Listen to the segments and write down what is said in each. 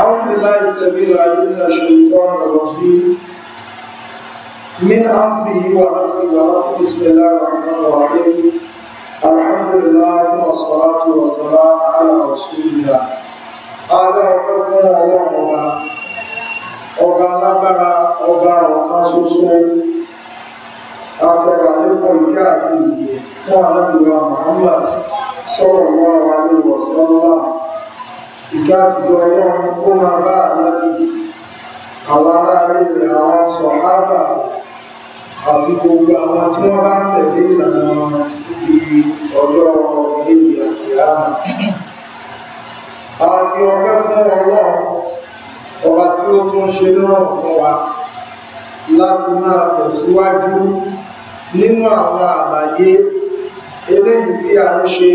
أعوذ بالله السميع العليم من الشيطان الرجيم من أمسه ونفخه ونفخه بسم الله الرحمن الرحيم الحمد لله والصلاة والسلام على رسول الله هذا وقفنا يومنا ọba alágbára ọba ọ̀kan ṣoṣo àtọ̀rọ̀ àlékún ìgbé àti ìgbé fún alágbèrè Muhammad ìkẹ́ àti ìjọ ọlọ́run ó máa bá àlẹ́bí àwọn aráalé rẹ̀ àwọn sọ̀hábà àti gbogbo àwọn tí wọ́n bá ń tẹ̀lé ìlànà wọn títí di ọjọ́ ìlérí àkìláàmù. a fi ọpẹ́ fún ọlọ́run ọba tí ó tún ṣe lọ́rùn fún wa láti máa tẹ̀síwájú nínú àwọn àlàyé eléyìí tí a ń ṣe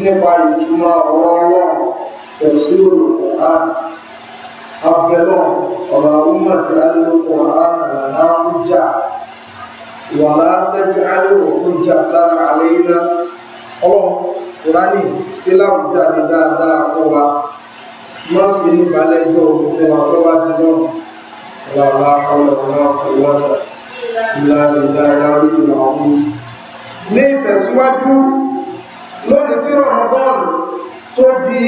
nípa ìtumọ̀ ọ̀rọ̀ ọlọ́run تفسير القرآن أبلون اللهم اجعل القرآن لنا حجة ولا تجعله حجة علينا اللهم قرآني سلام جامدا دافوا ما سيني بالجو فما توجدون ولا حول ولا قوة إلا بالله العلي العظيم ní ìtẹ̀síwájú lónìí tí rọ̀mọ́dọ́ọ̀nù tó di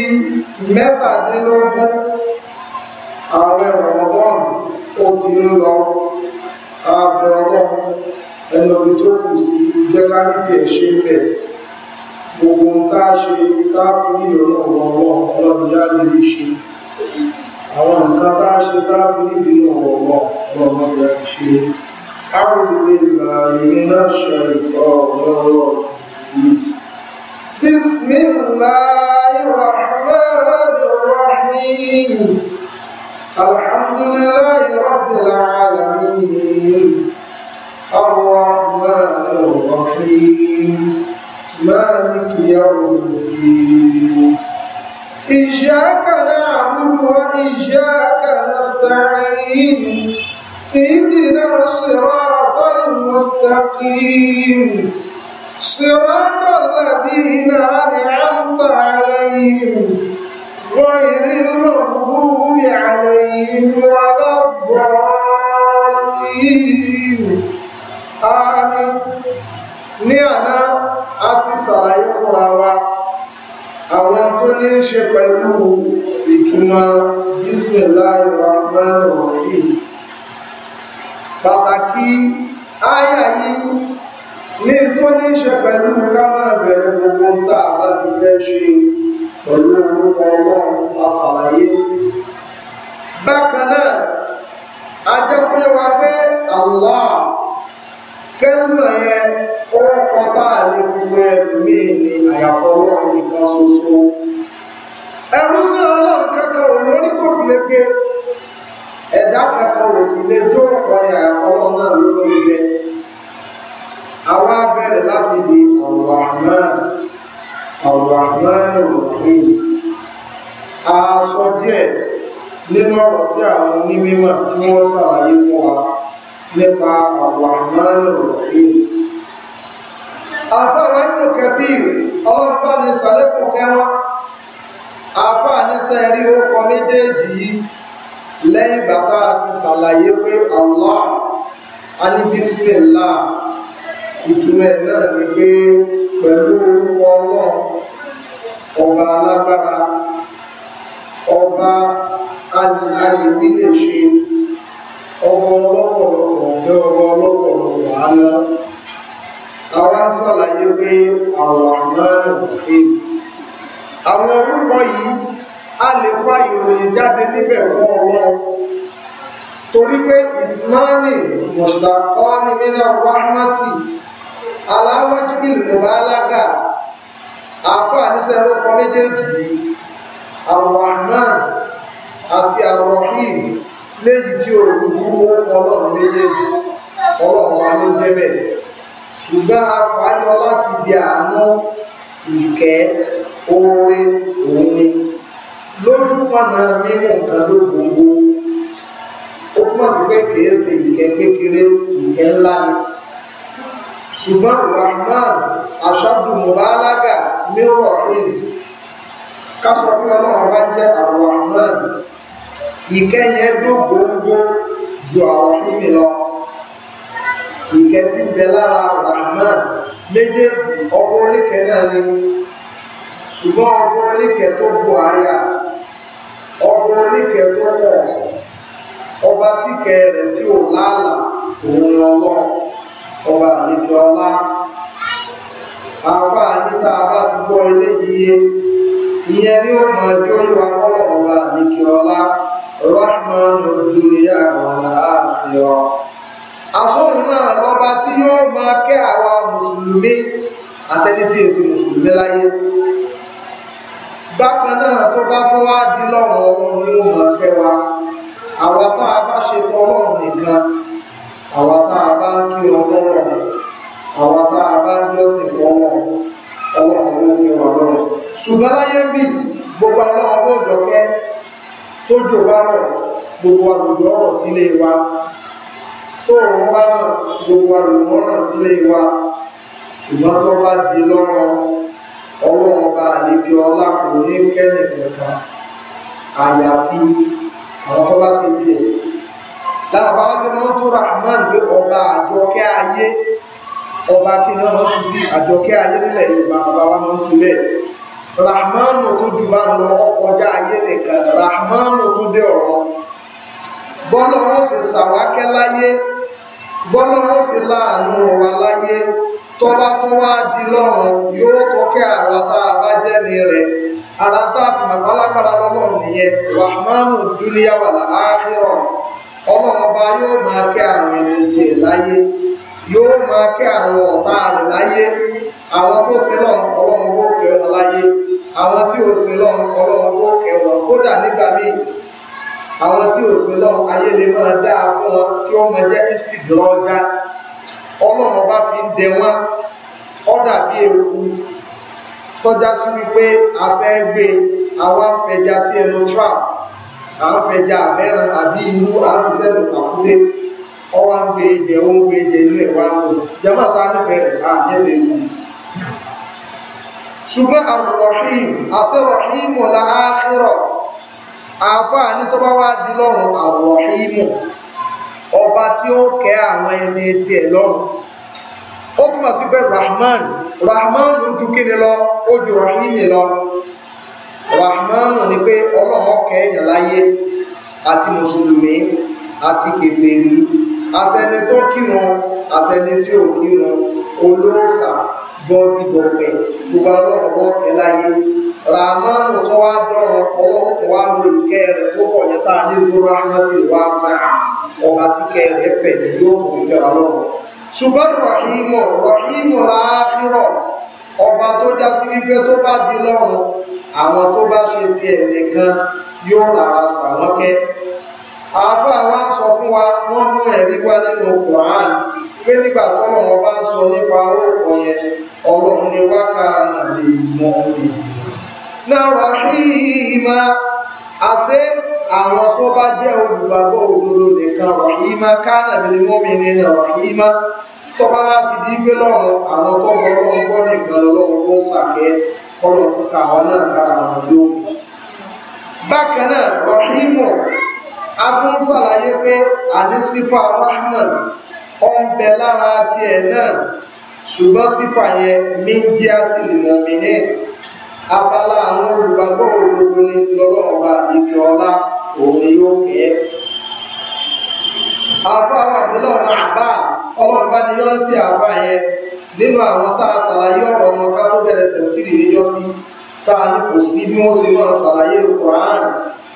mẹ́tàdínlógún ààrẹ rọ̀mọ́gọ́rùn ó ti ń lọ ààbẹ̀ ọlọ́run ẹnu omi tó kù sí jẹ́kálítì ẹ̀ṣẹ́ bẹ̀ gbogbo ń tá ṣe tá fún ìrọ̀nà ọ̀wọ̀ ọlọ́run yá lè rí ṣe àwọn nǹkan tá ṣe tá fún ìdínà ọ̀wọ̀ ọlọ́run yá lè ṣe أعوذ بالله من الشيطان الرجيم بسم الله الرحمن الرحيم الحمد لله رب العالمين الرحمن الرحيم مالك يوم الدين إياك نعبد وإياك نستعين اهدنا الصراط المستقيم صراط الذين أنعمت عليهم غير المغضوب عليهم ولا الضالين آمين ní àná a ti ṣàlàyé fúnra wa àwọn tó ní ṣe pẹ̀lú ìtumọ̀ bísmìláì rahman rahim pàtàkì áyà yìí ní tó ní ṣe pẹ̀lú káwọn ìbẹ̀rẹ̀ gbogbo ń tà bá ti fẹ́ ṣe pẹ̀lú orúkọ ọlọ́run aṣàlàyé bákan náà ajẹ́kúnyẹ́ wa pé Allah kẹ́lùmọ̀ yẹn ó kọta lè fi wẹ mí ní àyàfọ́ ọlọ́run nìkan ṣoṣo ẹrú sí ọlọ́run kankan olórí tó fi lè gbé ẹ̀dá kankan ò lè jó ọ̀pọ̀ ní àyàfọ́ ọlọ́run náà ló lè gbé àwa bẹ̀rẹ̀ láti di Ar-Rahman Ar-Rahman Ar-Rahim a sọ díẹ̀ nínú ọ̀rọ̀ tí àwọn onímọ̀ tí wọ́n ṣàlàyé fún wa nípa Ar-Rahman Ar-Rahim àfáàrà Ibn Kathir ní sàlẹ́kùn kẹwàá àfáà ní sẹ́rí orúkọ méjèèjì yìí lẹ́yìn bàbá àti ṣàlàyé pé Allah a ìtumọ̀ ẹ̀ náà ni pé pẹ̀lú orúkọ náà ọba alágbára ọba alìbí lè ṣe ọba ọlọ́pọ̀lọpọ̀ ní ọba ọlọ́pọ̀lọpọ̀ àná àwa ń ṣàlàyé pé àwọn àmọ́ràn òkè àwọn orúkọ yìí a lè fa ìròyìn jáde níbẹ̀ fún ọlọ́run torí pé ìsìláàmì mọ̀ṣàkọ́ ni mílíọ̀nù rahmati aláwájú ìlùmọ̀bá alága àáfàá níṣẹ́ lórúkọ méjèèjì yìí Ar-Rahman àti Ar-Rahim léyìí tí òòlù dúró ọlọ́run méjèèjì ọlọ́run wa ló jẹ́ bẹ́ẹ̀ ṣùgbọ́n afáyọ láti bí àánú ìkẹ́ oore òun ni lójú pọ̀nà mímú nǹkan ló gbogbo ó pọ̀ sí pé kìí ṣe ìkẹ́ kékeré ìkẹ́ ńlá ni ṣùgbọ́n rahman aṣáàbù mọ̀lálágà mìíràn rìn kásọ̀ bí ọlọ́run bá jẹ́ rahman ìkẹyìn ẹdún gbogbo ju àwọn mímì lọ ìkẹ tí ń bẹ lára rahman méjèèjì ọwọ́ oríkẹ náà ni ṣùgbọ́n ọwọ́ oríkẹ tó bu àyà ọwọ́ oríkẹ tó pọ̀ ọba tí kẹ tí ò lálàá òun lọ́wọ́ ọba àlejò ọlá àwa níta bá ti gbọ́ eléyìí ìyẹn ní ọmọ ẹjọ́ yíwa kọ́lọ̀ ọba àlejò ọlá rọ́ọ̀mọ́nù dúnìyà wọ̀nà àfihàn asóhun náà lọ́ba tí yóò máa kẹ́ àwa mùsùlùmí àtẹni tí èsì mùsùlùmí láyé bákan náà tó bá tó wá di lọ́rùn ọlọ́run yóò máa kẹ́ wa àwa tá a bá ṣe tọ́ ọlọ́run nìkan àwa tá a bá ń kírun fọ́lọ̀ àwa tá a bá ń jọ́sìn fọ́lọ̀ ọwọ́ àwọn òkè wà lọ́rọ̀ ṣùgbọ́n láyé ń bì gbogbo ọlọ́run ó jọkẹ́ tó jò bá rọ̀ gbogbo àgbègbè ọ̀rọ̀ sílé wa tó òun bá rọ̀ gbogbo àgbègbè ọ̀rọ̀ sílé wa ṣùgbọ́n tó bá di lọ́rọ̀ ọlọ́run bá àlejò ọlá kò ní kẹ́nìkan àyàfi àwọn tó bá ṣe tiẹ̀ lára bá wá sí mọ́ tó rahman pé ọba àjọkẹ́ ayé ọba kí ni wọ́n tún sí àjọkẹ́ ayé nílẹ̀ yorùbá ọba wa mọ́ tún lẹ̀ rahmanu tó jù bá lọ ọkọjá ayé nìkan rahmanu tó dé ọ̀rọ̀ bọ́lá wọn sì sàwákẹ́ láyé bọ́lá wọn sì láàánú wa láyé tọ́ba tó wá di lọ́rùn yóò tọ́kẹ́ àwa tá a bá jẹ́ ní rẹ̀ ara tá a fi màgbálágbára lọ́lọ́run nìyẹn rahmanu dúníyàwó àhírọ̀ ọlọ́ọba yóò máa kẹ́ àwọn ẹni láyé yóò máa kẹ́ àwọn ọ̀tá rẹ̀ láyé àwọn tó sin lọ́n ọlọ́run kẹ́ wọn láyé àwọn tí ò sin lọ́n ọlọ́run ó kẹ́ wọn kódà nígbà míì àwọn tí ò sin lọ́n ayé lè máa dáa fún wọn tí ó máa jẹ́ ọlọ́run ọba fi ń dẹ a fẹ́ à ń fẹja àbẹ́ràn àbí inú àbísẹ́lù àkúté ọwá ń gbé jẹ ó ń gbé jẹ inú ẹ̀ wá ń lò jẹ́mọ̀ sáà nífẹ̀ẹ́ rẹ̀ náà nífẹ̀ẹ́ ìlú ṣùgbọ́n àrùrọ̀hìm àṣírọ̀hìmù láàáfírọ̀ àfáà ní tó bá wá di lọ́rùn àrùrọ̀hìmù ọba tí ó kẹ́ àwọn ẹni etí ẹ̀ lọ́rùn ó túnmọ̀ sí pé rahman rahman ló ju kíni lọ ó ju rahim lọ rahmanu ni pé ọlọ́run kẹ́yìn láyé àti mùsùlùmí àti kèfèrí àtẹni tó kírun àtẹni tí ò kírun olóòsà gbọ́bíbọ̀pẹ̀ gbogbo ọlọ́run bọ́ kẹ́ láyé rahmanu tó wá dọ̀rọ̀ ọlọ́run tó wá lo ìkẹ́ rẹ̀ tó pọ̀ yẹn tá a ní lórí rahmatu wa sáà ọba tí kẹ́ rẹ̀ fẹ̀ yóò kò ìkẹ́ wa lọ́rùn ṣùgbọ́n rahimu rahimu láàfin rọ̀ ọba tó já sí wípé tó bá di lọ́run àwọn tó bá ṣe tiẹ̀ nìkan yóò rárá sàwọn kẹ́ àáfàá wa ń sọ fún wa wọ́n mú ẹ̀rí wá nínú Quran pé nígbà tọ́lọ̀ wọn bá ń sọ nípa orúkọ yẹn ọlọ́run ni wákà lè mọ òbí náà rahima àṣẹ àwọn tó bá jẹ́ olùgbàgbọ́ òdodo nìkan rahima kánàbìlì mọ́mìnira rahima tọ́ba wa ti di ife lọ́rùn àwọn tọ́gbọ́ ọlọ́run gbọ́ nìkan lọ́wọ́ tó ń sàkẹ́ ọlọ́run kúta àwọn náà lára àwọn tí ó kù. bákan náà rahimu a tún ṣàlàyé pé àníṣífà rahman ọ̀nbẹ lára tiẹ̀ náà ṣùgbọ́n sífà yẹn méjì àti lìmọ̀mìnì abala àwọn olùgbàgbọ́ òdodo ni lọ́lọ́run bá ike ọlá òun yóò kẹ́. àfáwọn àbúlọ̀ Abbas ọlọ́run bá ní yọ́nú sí yẹn nínú àwọn tá a ṣàlàyé ọ̀rọ̀ wọn ká tó bẹ̀rẹ̀ tẹ̀síìrì níjọ́ sí tá a ní kò sí bí wọ́n ṣe máa ṣàlàyé Kùránì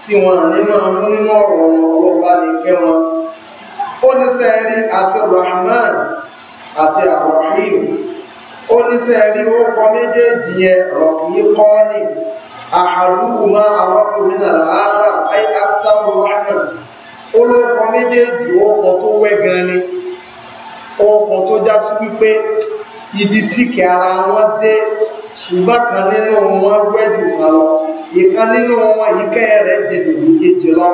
tí wọ́n ní máa mú nínú ọ̀rọ̀ wọn ọlọ́run bá kẹ́ wọn. àti Rahman àti orúkọ méjèèjì yẹn rọ̀kì Rahman ọkàn tó já sí wípé ibi tí kẹ ara wọn dé ṣùgbọ́n kan nínú wọn gbẹ́jù kan lọ ìkan nínú wọn ìkẹ́ rẹ̀ jìnnà ìkejì lọ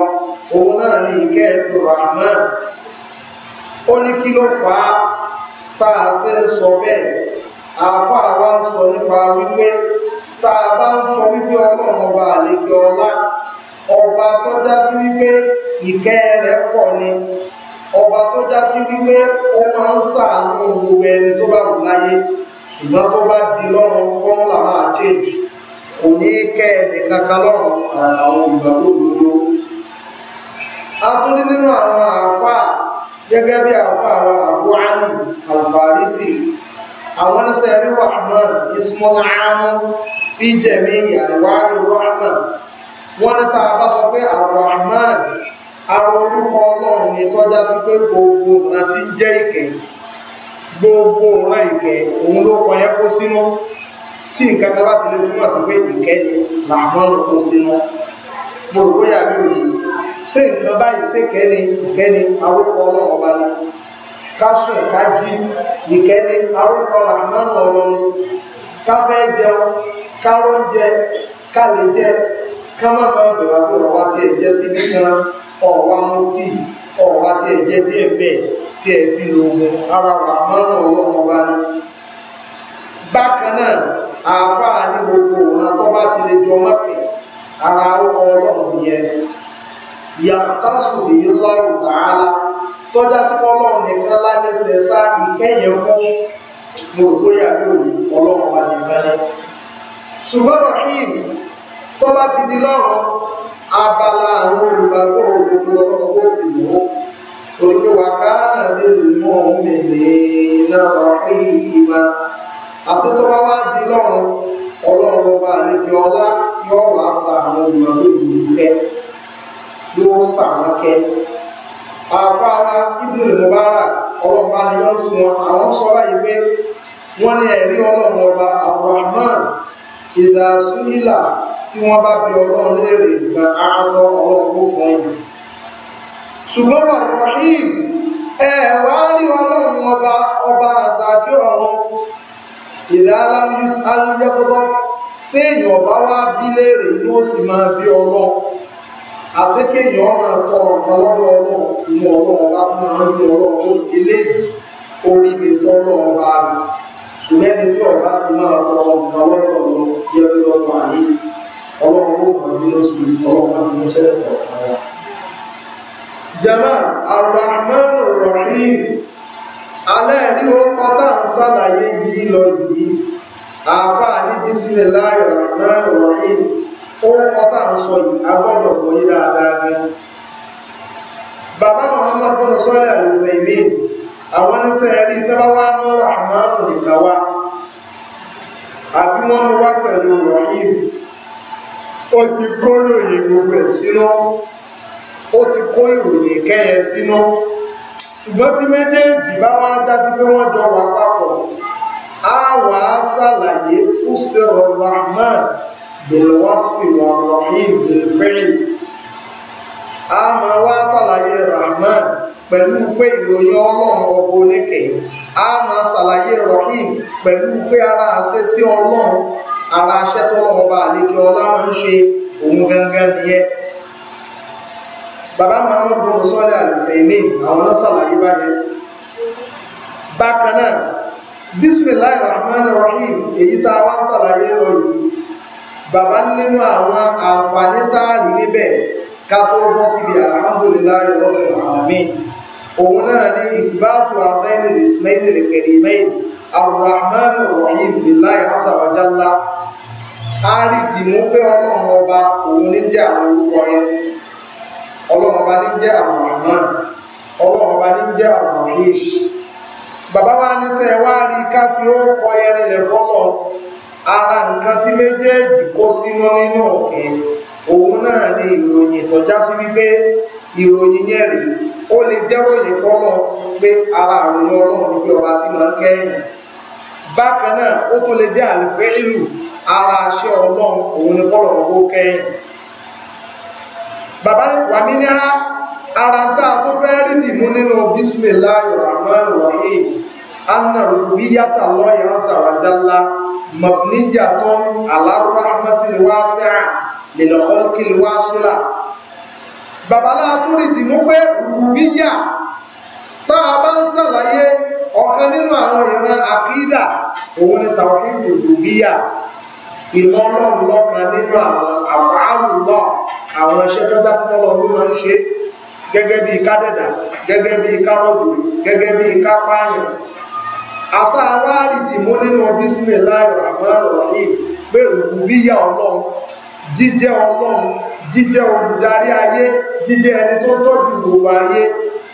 òun náà ni ìkẹ́ ti Rahman ó ní kí ló fà á tá a ṣe ń sọ bẹ́ẹ̀ àáfàá wa ń sọ nípa wípé tá a bá ń sọ wípé ọlọ́run ọba àlejò ọlá ọba tó dá sí wípé ìkẹ́ rẹ̀ pọ̀ ni ọba tó já sí wípé ó máa ń sàánú gbogbo ẹni tó bá wù láyé ṣùgbọ́n tó bá di lọ́rùn fọ́nlá máa change kò ní kẹ́ ẹnì kankan lọ́rùn àwọn olùgbàgbọ́ òdodo. a tún ní nínú àwọn àáfàá gẹ́gẹ́ bí àáfàá wa Abu Ali Al-Farisi àwọn ẹlẹ́sẹ̀ rí rahman ismail amu fi jẹ̀mí ìyàrá wàhálì rahman wọ́n ní tá bá sọ pé àrùn rahman ara orúkọ ọlọ́run ni tọ́já sí pé gbogbo ọ̀ràn tí ń jẹ́ ìkẹ́ gbogbo ọ̀ràn ìkẹ́ òun ló kọ yẹ kó sínú tí nǹkan kan ti lè túmọ̀ sí pé ìkẹ́ ni làwọn ló kó sínú mo rò bóyá mi ò ṣé nǹkan báyìí ṣé ìkẹ́ ni ìkẹ́ ni ọlọ́run ọba ni ká sùn ká ni làwọn ọlọ́run ká fẹ́ jẹun ká ká lè jẹ ká má máa bẹ̀rẹ̀ àbúrò wa ọ̀wá mọ́tì ọ̀wá tí ẹ jẹ́ díẹ̀ bẹ́ẹ̀ tí ẹ fi lo ogun ara wà mọ́rùn ọlọ́run ọba ní. bákan náà àáfàá ní gbogbo ọ̀nà tó bá ti lè jọ mọ́kẹ́ ara ọlọ́run yẹn yàtàṣù bíi lọ́rù tààlà tọ́já sí ọlọ́run nìkan lálẹ́sẹ̀ sá ìkẹyẹ fún mo rò bóyá bí òye ọlọ́run ọba nìkan ní. ṣùgbọ́n rahim tó bá ti di lọ́rùn abala àwọn olùgbàgbọ́ òdodo obodo ti wò ó olùwà bí ìmú òmìnir náà ìhìmá àṣetọ́ba wá di lọ́rùn ọlọ́run ọba àlejò ọlá yóò wá sa àwọn ìlú kẹ yóò sà kẹ àfáàrà Mubarak ọlọ́run bá yọ́n sùn wọn àwọn sọ́ra ìwé ní ẹ̀rí ìdá súhílà tí wọ́n bá bi ọlọ́run léèrè ìgbà àárọ̀ ọlọ́run kó fún yìí ṣùgbọ́n wà rahim ẹ wá rí ọlọ́run ọba ọba àṣàbí ọ̀run ìdá alámúyús alúyẹ́kọ́tọ́ téèyàn ọba wá bí léèrè inú ó sì máa bí ọlọ́run àṣekéèyàn máa tọrọ nǹkan lọ́dọ̀ ọlọ́run inú ọlọ́run ọba fún àwọn ọlọ́run eléyìí orí gbèsè ọlọ́run ọba rẹ̀ ṣùgbọ́n ẹni tí ọba ti máa tọ ọ̀gá lọ́dọ̀ lọ bí ẹbí lọ́dọ̀ àyè ọlọ́run ó kàn bínú sí ọlọ́run àbínú sẹ́lẹ̀ kọ̀ọ̀kan wa. jama arahman rahim alẹ́ rí orúkọ tá à ń ṣàlàyé yìí lọ yìí àáfàá níbi sílẹ̀ láàyè rahman rahim orúkọ tá à ń sọ yìí agbọ́dọ̀ kọ́ yí dáadáa gan. bàbá muhammad sọ́lẹ̀ àlùfẹ́ ìmíì àwọn ẹlẹ́sẹ̀ rí tábáwá mú ràhánù nìkan wá àbí wọ́n mú wá pẹ̀lú rahim ó ti kó ìròyìn gbogbo ẹ̀ sínú ó ti kó ìròyìn kẹ́yẹ sínú ṣùgbọ́n tí méjèèjì bá wá dá sí pé wọ́n jọ wà papọ̀ á wà á ṣàlàyé fún sẹ́rọ̀ rahman bilwasfi wa rahim bilfẹ́yìn á máa wá ṣàlàyé rahman pẹ̀lú pé ìròyìn ọlọ́run ọgbọ olékè a máa ṣàlàyé rahim pẹ̀lú pé ara àṣẹ sí ọlọ́run ara àṣẹ tọ́lọ́run bá àlékè ọlá máa ń ṣe òun gangan nìyẹn bàbá muhammed bin sọ́lẹ̀ àlùfẹ̀mí àwọn náà ṣàlàyé báyẹn bákan náà bisimilahi rahman rahim èyí tá a wá ń ṣàlàyé lọ yìí bàbá nínú àwọn àǹfààní tá a rí níbẹ̀ ká tó bọ́ síbi alhamdulilayi rabbil alamin. òun náà ní ìfìbáàtù àtẹ́lẹ̀ ìsìnlẹ̀ ìkẹrìmẹ́ ar wa jalla ọba òun ní jẹ́ àwọn orúkọ yẹn ọlọ́run ọba ní jẹ́ Ar-Rahman ọlọ́run ọba ní jẹ́ Ar-Rahim bàbá wa ní wá rí ara nǹkan tí méjèèjì kó sínú nínú ọ̀kẹ́ òun náà ní ìròyìn tó já sí wípé ìròyìn yẹn ó lè jẹ́ròyìn fọ́nà pé ara àrùn ọlọ́run ní bí ọba tí máa ń kẹ́yìn bákan náà ó tún lè jẹ́ àlùfẹ́ lílù ara aṣẹ́ ọlọ́run òun ni kọ́lọ̀ ọgbó kẹ́yìn bàbá wà mí ní ara tá a tó fẹ́ rí nìmú nínú bismillahir rahmanir rahim anna rububiyyata Allahi azza wa jalla mabniyatun ala rahmatil wasi'a lil khalqil wasila babaláà tún rí dìmú pé rùbíyà tá a bá ń ṣàlàyé ọ̀kan nínú àwọn ìran àkídà òun ni tàwíìdù rùbíyà ìmọ̀ ọlọ́run lọ́kan nínú àwọn àfààlù lọ àwọn iṣẹ́ tó dá sí ọlọ́run ló máa ń ṣe gẹ́gẹ́ bí kádẹ̀dà gẹ́gẹ́ bí kárọ̀dù gẹ́gẹ́ bí kápáyàn àṣà aráàlì dìmú nínú bísímì láì ràmánù rahim pé rùbíyà ọlọ́run jíjẹ́ ọlọ́run jíjẹ́ olùdarí ayé jíjẹ́ ẹni tó tọ́jú gbogbo ayé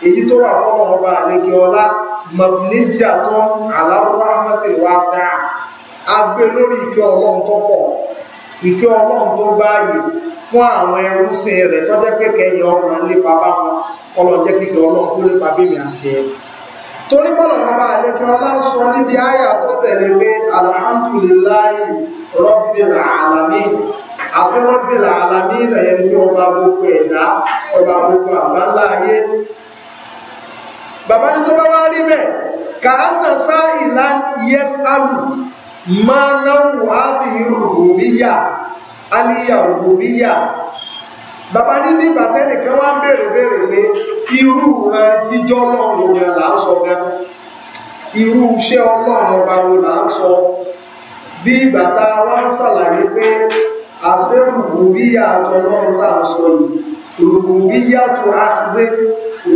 èyí tó wà fọ́lọ̀ ọba àlekè ọlá mọ̀bìlíjì àtọ́ aláwọ̀ ahmadu wa sáà a gbé lórí ìkẹ́ ọlọ́run tó pọ̀ ìkẹ́ ọlọ́run tó gbáàyè fún àwọn ẹrúsìn rẹ̀ tó jẹ́ pé kẹyìn ọrùn lépa bá wọn kọlọ̀ jẹ́ àsẹ́rọ́bìlà alamí ìlàyẹ ní ọba gbogbo ẹ̀dá ọba gbogbo àbálá ayé bàbá ní tó bá wá rí bẹ́ẹ̀ kàánà sá ìlà yes alu máa náwó ábì rùbùbíyà aliyà rùbùbíyà bàbá ní ní bàtẹ́nìkan wá ń béèrè béèrè pé irú rẹ jíjọ́ ọlọ́run ni là ń sọ gan irú iṣẹ́ ọlọ́run ọba wo là ń sọ bí bàtà wa ń ṣàlàyé pé àṣẹ rùgbùbíyà àtọlọ́run tá à ń sọ yìí rùgbùbíyà tó àṣìwé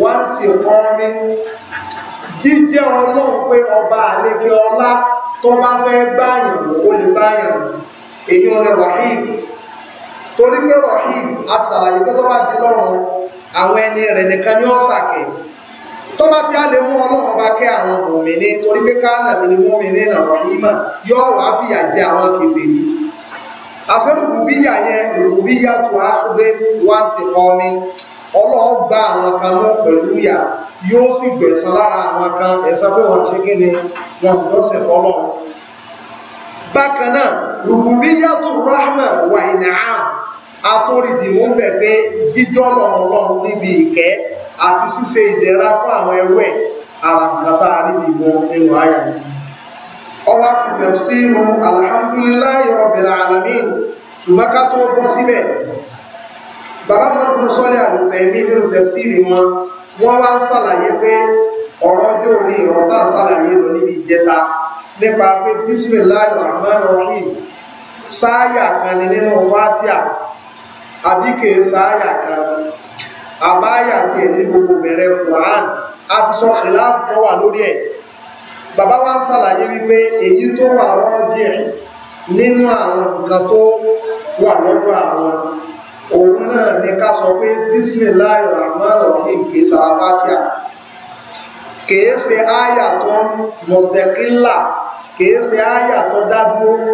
wá ti kọ́ mi jíjẹ́ ọlọ́run pé ọba àlékè ọlá tó bá fẹ́ báyàn ó lè báyàn èyí wọn rahim torí pé rahim àti sàlàyé pé tó bá di lọ́rùn àwọn ẹni rẹ̀ nìkan ni ó sàkẹ́ tó bá ti á lè mú ọlọ́run bá kẹ́ àwọn mòmìnir torí pé káánà mi ni mòmìnir nà rahima yóò wá fìyà jẹ àwọn kèfèrí àṣẹ́rùkù bíyà yẹn rùkù bíyà tó áṣúgbé wá ti kọ́mi ọlọ́run gba àwọn kan mú pẹ̀lú yà yóò sì gbẹ̀san lára àwọn kan ẹ̀san pé wọ́n ṣe kíni wọn kò lọ́sẹ̀ fọ́lọ́ bákan náà rùkù bíyà tó rahma wà ìnáà àtòrìdìmú ń bẹ̀ pé jíjọ́ lọ́rùn níbi ìkẹ́ àti ṣíṣe ìdẹ̀ra fún àwọn ẹrú ẹ̀ àràǹkàtà níbi ìmọ̀ ẹwà yìí ọwá kùjọ sí irun alhamdulillahi rabbil alamin ṣùgbọ́n ká tó bọ́ síbẹ̀ bàbá mọ́dún sọ́lẹ̀ àlùfẹ̀mí nínú tẹ̀síìrì wọn wọ́n wá ń sàlàyé pé ọ̀rọ̀ ọjọ́ orí ọ̀rọ̀ tá à ń sàlàyé lọ níbi ìjẹta nípa pé bismillahir rahmanir rahim sáàyà bàbá wa ń ṣàlàyé wípé èyí tó wà rọ́ọ̀dì nínú àwọn nǹkan tó wà lọ́dọ̀ àwọn òun náà ní ká sọ pé bísímìláì rahman rahim kì í sara fatia kì í ṣe àyà tó mọ̀sẹ̀kínlà kì í ṣe àyà tó dádúró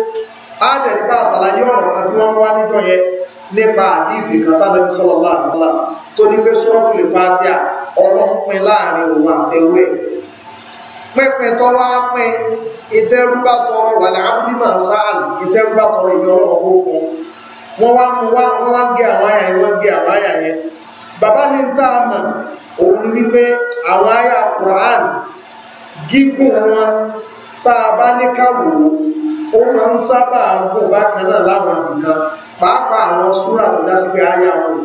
ádẹ̀rí bá ṣàlàyé ọ̀rọ̀ kan tí wọ́n wá níjọ yẹn nípa àdífì kan tánàbí sallallahu alaihi wasallam tó ní pé suratul fatia ọlọ́pin láàrin òun àtẹwé pínpín tó wá pín ìtẹ́rúbá tọrọ wà láàbùdí máa sáàlì ìtẹ́rúbá tọrọ ìyọrọ fún wọn wá mú wá wọn wá gé àwọn àyà yẹn wọn gé àwọn àyà yẹn bàbá ní tá a mọ̀ òun wípé àwọn àyà Quran gígùn wọn tá a bá ní káwò ó máa ń sábà gùn bákan náà láwọn pàápàá àwọn súrà tó dá sí pé àyà wọn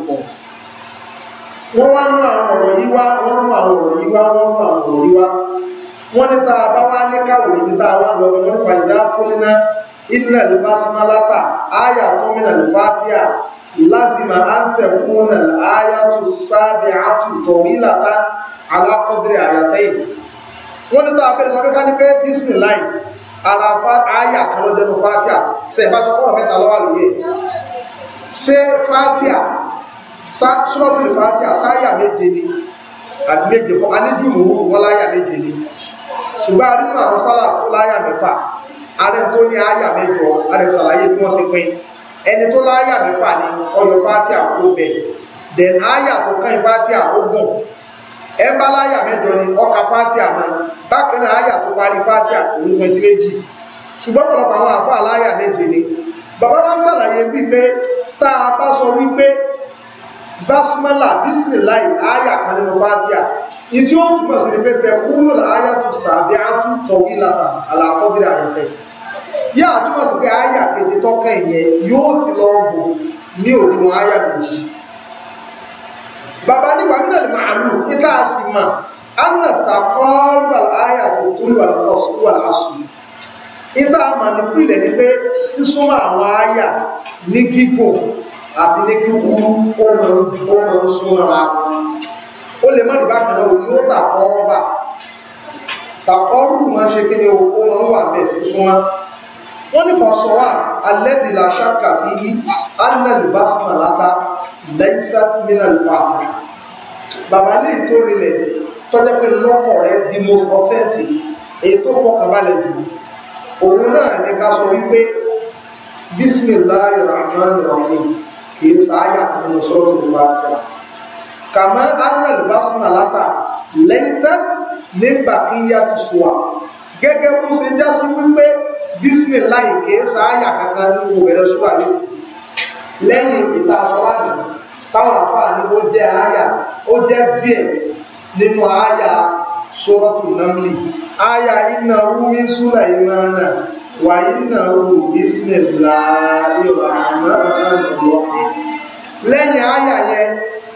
wọn wá mú àwọn wá wọ́n ní tá a bá wá ní káwò ibi tá a wá lọ wọ́n ní fàyídá kúlíná ilẹ̀ lùbásímálátà áyà tó mìnà lùfátíà lásìmà áńtẹ̀kúnà áyà tó sábẹ̀ àtúntọ̀ ìlàtà alákọ́dẹ̀rẹ̀ àyàtẹ́yìn wọ́n ní tá a bẹ̀rẹ̀ sọ pé ká ní àlàfà áyà kan ló jẹnu fátíà ṣe ìbá sọ kọ́rọ̀ mẹ́ta lọ́wọ́ lóye ṣé fátíà súrọ́tìlì fátíà sáyà méje ni àbí méje kọ́ anídùmù méje ni ṣùgbọ́n arínú àwọn sálà tó láyà mẹ́fà ààrẹ tó ní àyà mẹ́jọ ààrẹ ṣàlàyé bí wọ́n ṣe pín ẹni tó láyà mẹ́fà ni ọyọ fáti àkókò bẹ̀ then àyà tó kàn yín fáti àkókò ẹ bá láyà mẹ́jọ ni ọkà fáti àmọ́ bákan náà àyà tó parí fáti àkókò ń pín sí méjì ṣùgbọ́n pọ̀lọpọ̀ àwọn àfáà láyà méje ni bàbá wa ń ṣàlàyé bíi pé tá a bá sọ wípé basmala bisimilayi aya kan nínú fatia ìdí ó túmọ̀ sí ni pé tẹkúnú aya tó sàbí atú tọ̀wí lata àlàkọ́bìrì àyẹ̀tẹ̀ yá àtúmọ̀ sí pé aya kéde tọ́kàn ìyẹn yóò ti lọ bò ní òdiwọ̀n aya méjì bàbá ní wàmínà lè màálù ìta àsì mà ánà tàkọ́rùbà aya fún kúlù àlọ́sùn wà lásùn ìta àmà nípìnlẹ̀ ni pé sísúnmọ́ àwọn aya ní gígùn àti ní kíkú ó mọ ojú ó mọ ó lè mọ́ni bákan náà yóò tàkọ́ rọ́bà tàkọ́ rúrù máa ṣe kí ni máa ń wà bẹ́ẹ̀ sí súnmọ́ wọ́n ní fọ̀sọ̀wà alẹ́dìlà ṣáka fi yí annal basma lata lẹ́sàt minal fata bàbá lè tó rilẹ̀ tọ́jẹ́ pé lọ́kọ̀ rẹ̀ the most authentic èyí tó fọkànbalẹ̀ jù òun náà ní ká sọ wípé bismillahir rahmanir rahim kìí sááyà nínú sọ́rọ̀ ìlú àti à. kàmọ́ arnold basma láta lenset ní bàkíyà ti sùwà gẹ́gẹ́ bó ṣe já sí wípé bisimilayi kìí sááyà kankan nínú obìnrin sùwà yìí lẹ́yìn ìta sọ́lá mi táwọn àfáà ni ó jẹ́ àyà ó jẹ́ díẹ̀ nínú àyà sọ́rọ̀tù námlì àyà iná rúmi súnà ìmọ̀ náà wàyínàwó bísímìláì ràmánàlọ́hìn lẹ́yìn àyà yẹn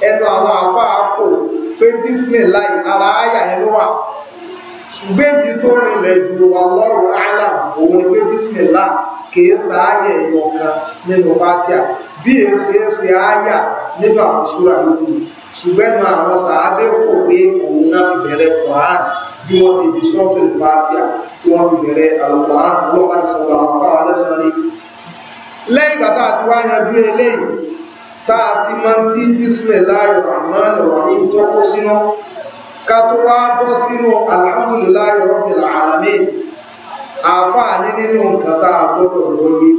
ẹnu àwọn àfáà kò pé bísímìláì ara àyà yẹn ló wà ṣùgbọ́n èyí tó rinlẹ̀ ju ọlọ́run àlà òun ẹgbẹ́ bísímìláì kìí sa àyà ẹ̀yọ̀ kan nínú fatia bí èsì èsì nínú àwọn yòókù ṣùgbọ́n àwọn sàábẹ́ kò pé òun náà fi bẹ̀rẹ̀ kọ̀ọ̀án bí wọ́n ṣe ibi sọ́ọ̀tù fatia wọ́n fi bẹ̀rẹ̀ àlùkò ọlọ́pàá ti sọ̀rọ̀ a ti wá yanjú eléyìí tá a ti máa ń tí bismillahir rahmanir rahim tó kó sínú ká tó wá bọ́ sínú alhamdulillahi rabbil alamin àfáàní nínú nǹkan tá a gbọ́dọ̀ lóye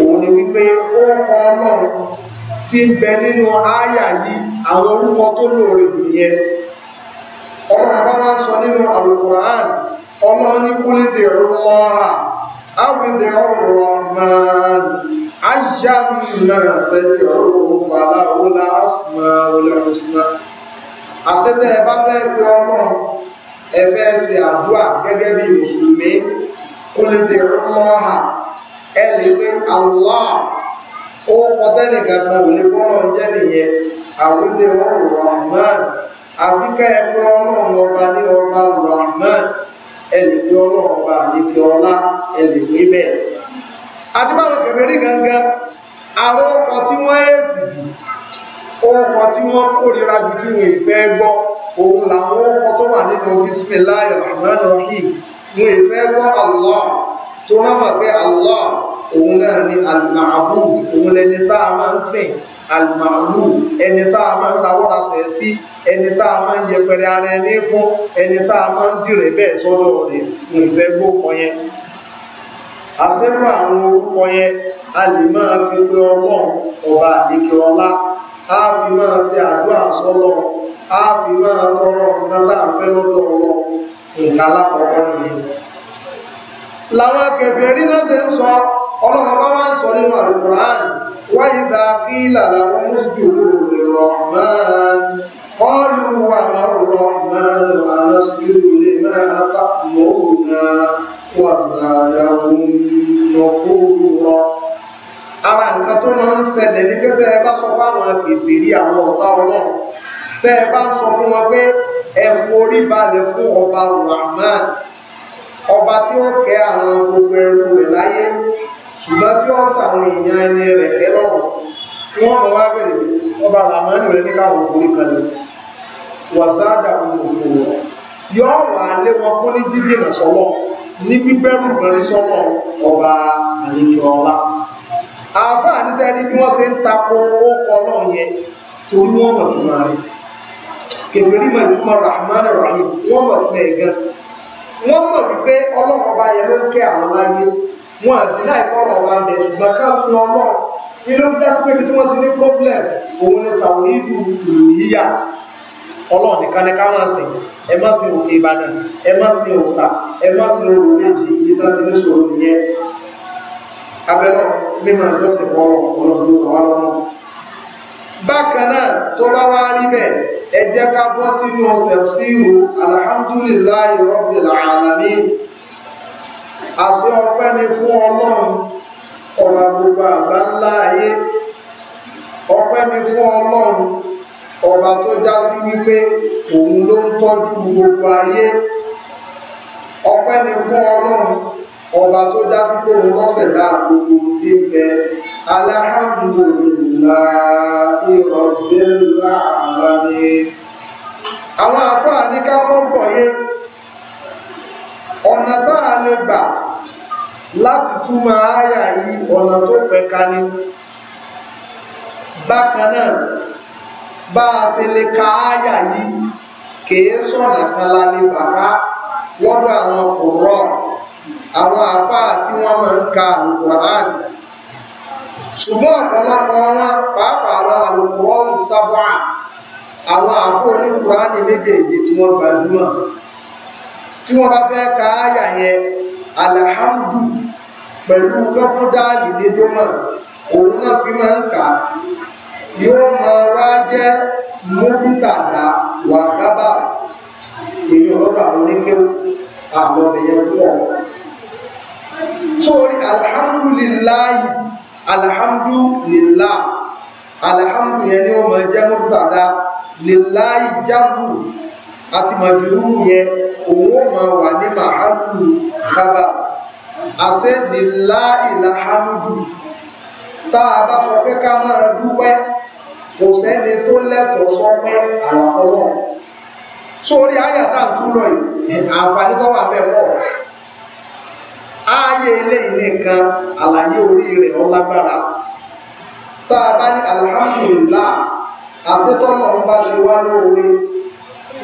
òun ni wípé ó kọ ọlọ́run tí ń bẹ nínú ááyà yìí àwọn orúkọ tó lóore nìyẹn ọlọ́run bá wá ń sọ nínú Al-Qur'an ọlọ́run ní kúlídì rúmọ́ha áwìdì rọ̀mọ́n ayámìnà tẹ̀lé ọ̀rọ̀ fàlàwọ́lá asìmá olùsìnà àṣẹ́tẹ̀ ẹ bá fẹ́ pé ọlọ́run ẹ fẹ́ ṣe àdúà gẹ́gẹ́ bí mùsùlùmí kúlídì rúmọ́ha ẹ lè pé Allah ó kọtẹ́lẹ̀ kankan ò lè bọ́rọ̀ jẹ́ nìyẹn àwìdì rọ̀mọ́n àfikẹ́ ẹ pé ọlọ́run ọba ní ọba rọ̀mọ́n ẹlẹ́gbẹ́ ọlọ́run ọba àlejò ọlá ẹlẹ́gbẹ́ bẹ́ẹ̀. àti báwọn kẹfẹ́rí gangan àwọn ọkọ̀ tí wọ́n ètì jù ọkọ̀ tí wọ́n kórira jù tí wọ́n ìfẹ́ gbọ́ òun làwọn ọkọ̀ tó wà nínú bismillahir rahmanir rahim wọ́n ìfẹ́ gbọ́ Allah tó pé Allah òun náà òun lẹni tá àlùmàlù ẹni tá a máa ń rawọ́ra sẹ̀ sí ẹni tá a máa ń yẹpẹrẹ ara ẹni fún ẹni tá a máa ń dìrẹ̀ bẹ́ẹ̀ sọ́dọ̀ rẹ̀ ń fẹ́ gbókọ yẹn àṣẹ́rù àwọn orúkọ yẹn a lè máa fi pé ọlọ́run ọba àdékè ọlá a fi máa ṣe àdúrà sọ́lọ́ a fi máa tọrọ nǹkan láàfẹ́ lọ́dọ̀ ọlọ́ nǹkan alákọ̀ọ́kọ́ nìyẹn làwọn kèfèrí náà ṣe ń sọ ọlọ́run bá wá ń sọ nínú àlùkùránì وإذا قيل لهم اسجدوا للرحمن قالوا وما الرحمن أنسجد لما تأمرنا وزادهم نفورا ara nǹkan tó máa ń ṣẹlẹ̀ ní pé tẹ́ ẹ bá sọ fáwọn kèfèrí àwọn ọ̀tá ọlọ́run tẹ́ ẹ bá sọ fún wọn pé ẹ forí balẹ̀ fún ọba rahman ọba tí ó kẹ́ àwọn gbogbo ẹrù rẹ̀ láyé ṣùgbọ́n tí wọ́n àwọn èèyàn ẹni rẹ̀ kẹ́rọ̀rùn wọ́n mọ̀ wá bẹ̀rẹ̀ ọba rẹ̀ nígbà wọ́n forí kan wàsáàdà rẹ̀ yọ wà lé wọn kó ní jíjì nà ní ọba àlejò bí wọ́n ṣe ń torí wọ́n mọ̀ tó máa rẹ̀ mọ̀ ìtumọ̀ rahman rahim wọ́n mọ̀ wọn àbí láì kọ́rọ̀ wa ń bẹ̀ ṣùgbọ́n ká sun ọlọ́run inú dásí pé tí wọ́n ti ní problem òun ni tàwọn ìlú ìlòyíyà ọlọ́run nìkan ni ká máa sìn ẹ má sìn òkè ìbàdàn ẹ má sìn òòṣà ẹ má sìn òòrùn méjì ibi tá ti ní ṣòro nìyẹn abẹ́rẹ́ mímọ ìjọsìn fọlọ́ ọlọ́run tó wà lọ́nà bákan náà tó bá wá rí bẹ́ẹ̀ ẹ jẹ́ ká bọ́ sínú tafsiru alhamdulillahi rabbil alamin àṣẹ ọpẹ́ ni fún ọlọ́run ọba gbogbo àgbà ńlá ayé ọpẹ́ ni fún ọlọ́run ọba tó já sí wípé òun ló ń tọ́jú gbogbo ayé ọpẹ́ ni fún ọlọ́run ọba tó já sí pé òun lọ́sẹ̀ dá gbogbo tí ń bẹ alhamdulillahi rabbil alamin àwọn àfáà ní ká mọ́ ń bọ̀ yé ọ̀nà tá a lè gbà láti túmọ̀ ááyà yìí ọ̀nà tó pẹ̀ka ní bákan náà bá a ṣe lè ka ááyà yìí kèé sọ̀nà kan la lè bàbá lọ́dọ̀ àwọn àwọn àfáà tí wọ́n máa ń ka àlùkùránì ṣùgbọ́n ọ̀pọ̀lọpọ̀ wọn pàápàá sábà àwọn tí wọ́n bá fẹ́ ka àyà yẹn alhamdu pẹ̀lú kọ́fúdáàlì ní dómọ̀ òun náà fi máa ń kà yóò máa wá jẹ́ múbítàdá wàhábà èyí ọlọ́dọ̀ àwọn oníkéwù àwọn ọbẹ̀yẹn púpọ̀ sórí alhamdulillahi alhamdulillah alhamdu ni ó máa jẹ́ múbítàdá lillahi jábù àti màjúrúrù yẹn òun ó máa wà ní màálù bàbá àṣẹ nílá ìlà hàmùdù tá a bá sọ pé ká máa dúpẹ́ kò sẹ́ni tó lẹ́tọ̀ọ́ sọpẹ́ àlàfọlọ sórí àyà tá à ń yìí àǹfààní tó wà bẹ́ẹ̀ pọ̀ ààyè eléyìí nìkan àlàyé orí rẹ̀ ọlágbára tá a bá ní alhamdulillah àṣetọ́nà ń bá ṣe wá lóore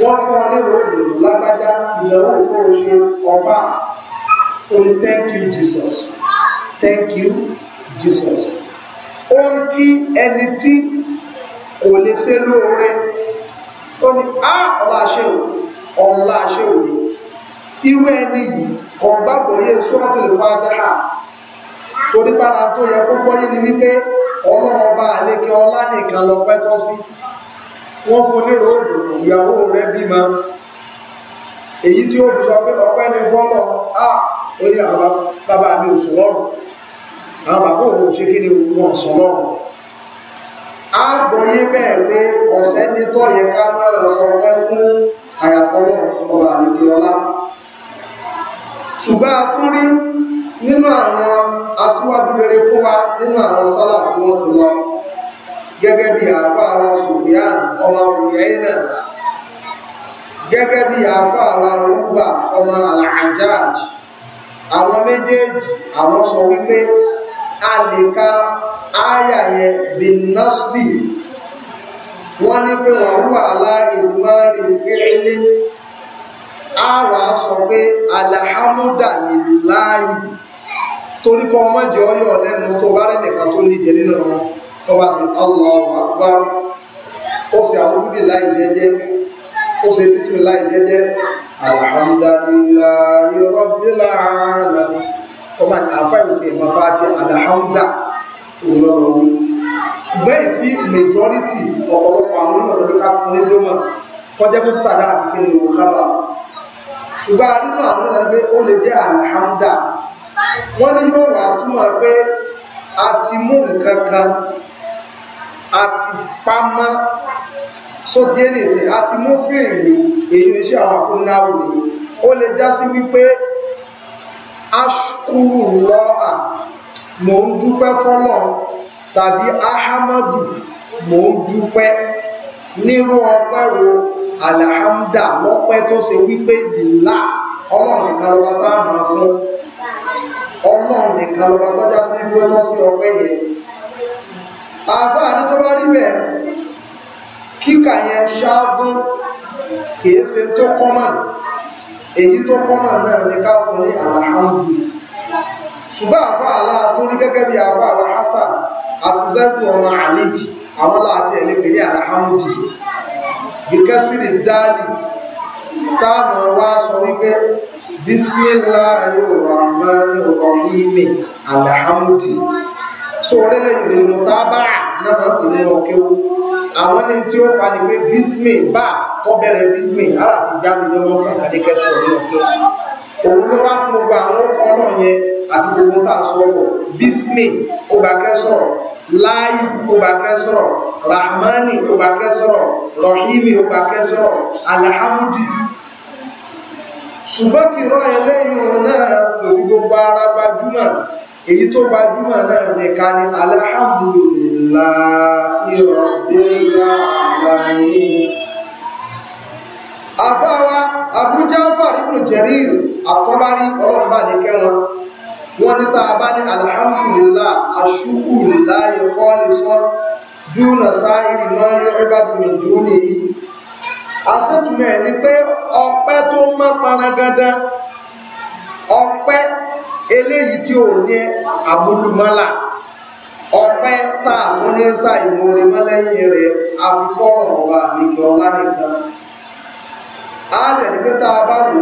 wọ́n fún ọ nílò òdòdó lágbájá ìyẹ̀wò tó o ṣe ọba o ní thank you Jesus thank you Jesus ó ń kí ẹni tí kò lè ṣe lóore ó ní á ọ̀la ṣe ò ọ̀la ṣe ò ní irú ẹni yìí ọ̀gbàgbọ́yé Suratul Fatiha torípàdà tó yẹ kó gbọ́yé ni wípé ọlọ́run ọba àlékè ọlá nìkan lọ pẹ́ tọ́ sí wọ́n fún ní ròdù ìyàwó rẹ̀ bímọ èyí tí ó fi sọ pé ọpẹ́ ní fọ́lọ́ à ó ní àwọn bàbá mi ò sọlọ́rùn àwọn bàbá òun ò ṣe kí ni wọn sọlọ́rùn á gbọ́yé bẹ́ẹ̀ pé ọ̀sẹ́ ní tó yẹ ká máa ọpẹ́ fún àyàfọ́lọ́ ọba àlejòọlá ṣùgbọ́n a tún rí nínú àwọn aṣíwájú rere fún wa nínú àwọn sálà tí wọ́n ti lọ gẹ́gẹ́ bí àfáàrà Sufyan ọmọ Uyayna gẹ́gẹ́ bí àfáàrà Urwa ọmọ Al-Hajjaj àwọn méjèèjì àwọn sọ wípé a lè ka ááyà yẹn bin nasbi wọ́n ní pé wọ́n wà aláìmọ́rí fíìlì àwà sọ pé alhamdulillahi torí kọ́ ọmọ jẹ́ ọyọ̀ lẹ́nu tó bá rẹ̀ nìkan tó níjẹ nínú wọn tọ́ba sí Allahu Akbar ó sì àwọn bíbí láì jẹ́jẹ́ ó sì bísí láì jẹ́jẹ́ alhamdulillahi rabbil alamin ọmọ àfáyìntì ìmọ̀fá ti alhamda òlọ́lọ́ wí ṣùgbọ́n ìtí majority ọ̀pọ̀lọpọ̀ àwọn olùmọ̀lọ́ká fún ní lómọ̀ kọjá pé tàdá àti kí ni òun lábà ṣùgbọ́n àdínú àwọn ọ̀sán pé ó lè jẹ́ alhamda wọ́n ní yóò wà túmọ̀ pé a ti mú nǹkan kan àti pamọ́ sóti èrè sí àti mú fìrìlì èyí iṣẹ́ àwọn afúnláwò ni ó lè já sí wípé ashkuru lọ́à mò ń dúpẹ́ fọ́lọ̀ tàbí ahamadu mò ń dúpẹ́ nírú ọpẹ́ wo alhamda lọ́pẹ́ tó ṣe wípé dìlá ọlọ́run nìkan lọ́ba tá a mọ̀ fún ọlọ́run nìkan lọ́ba tọ́já sí wípé wọ́n sí ọpẹ́ yẹn àbá ní tó bá rí bẹ́ẹ̀ kíkà yẹn ṣááfún kìí ṣe tó kọ́mọ̀ èyí tó kọ́mọ̀ náà ní ká fún ní alhamdu ṣùgbọ́n àfa àlá gẹ́gẹ́ bí àfa àlá hasan àti zaidu ọmọ àlejì àwọn láti ẹ̀lẹ́pẹ̀ ní alhamdu bíkẹ́sìrì dáàlì táàmù wá sọ wípé bísí ńlá yóò rà mọ́ ní ọ̀rọ̀ yìí ní alhamdu so orí lẹ́yìn lè mọ̀ tá bá náà máa ń pè ní ọkẹ́wó àwọn ní tí ó fa ni pé bísmì bá kọ́ bẹ̀rẹ̀ bísmì ara fi já mi lọ́wọ́ fún àdékẹ́sọ̀ ní ọkẹ́ òun ló wá fún gbogbo àwọn ọkọ̀ náà yẹn àti gbogbo tá a sọ̀rọ̀ bísmì ó bá kẹ́ sọ̀rọ̀ láàyè ó bá kẹ́ sọ̀rọ̀ rahmani ó bá kẹ́ sọ̀rọ̀ rahimi ó bá kẹ́ sọ̀rọ̀ alhamdi ṣùgbọ́n kìrọ̀ ẹlẹ́yìn náà kò fi gbogbo ara gbajúmọ̀ èyí tó gbajúmọ̀ náà ní ká ní alhamdulillahi rabbil alamin afáwa Abu Ja'far ibn Jarir àtọ́bárí ọlọ́mbà ní kẹwọn wọ́n ní tàà bá ní alhamdulillah ashukru lillahi khalisan dúnà sáàrì mọ́ yu'badu min dunihi asẹ́tùmẹ̀ ní pé ọpẹ́ tó mọ́ panagada ọpẹ́ eléyìí tí ò ní àmúlùmọ́là ọpẹ́ táà tó ní ń ṣàìmọ̀re mọ́lẹ́yìn rẹ̀ afifọ́rọ̀ wa àmìkì ọlá nìkan á dẹ̀ ní pé tá a bá wò